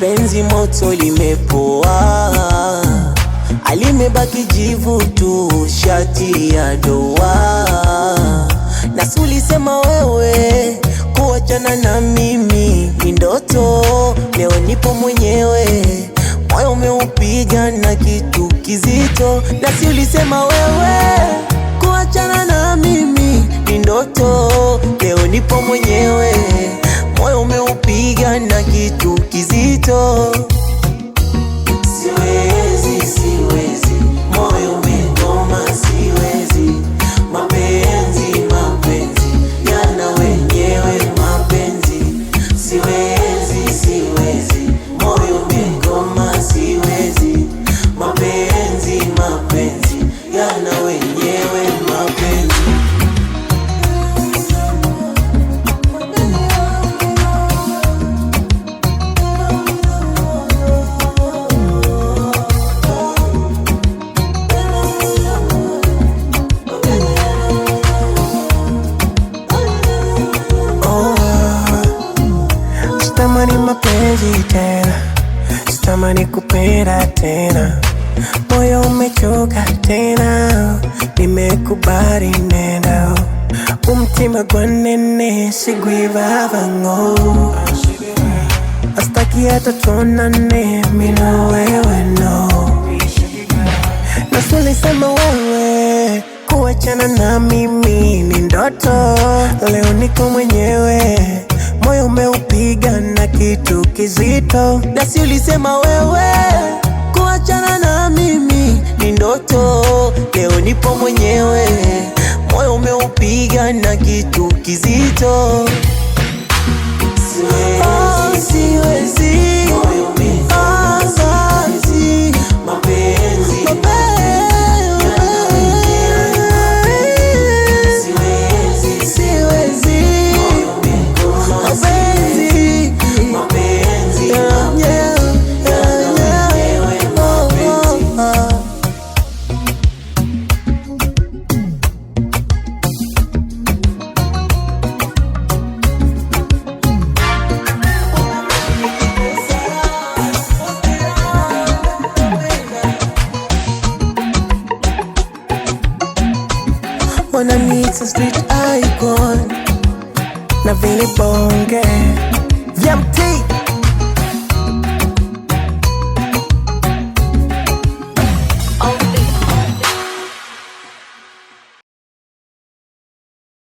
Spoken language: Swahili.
Penzi moto limepoa, alimebaki jivu tu, shati ya doa basi ulisema wewe kuachana na mimi ni ndoto, leo nipo mwenyewe, moyo umeupiga na kitu kizito, si ulisema wewe sitamani mapenzi tena, sitamani kupenda tena, moyo umechoka tena, nimekubali nenda umtima gwanene sigwivavang'o astaki hata tuonane mino wewe no sema wewe kuachana na mimi ni ndoto, leo niko mwenyewe moyo umeupiga na kitu kizito, Dasi ulisema wewe kuachana na mimi ni ndoto. Leo nipo mwenyewe, moyo umeupiga na kitu kizito, siwezi, siwezi. anaitwa street icon na vile bonge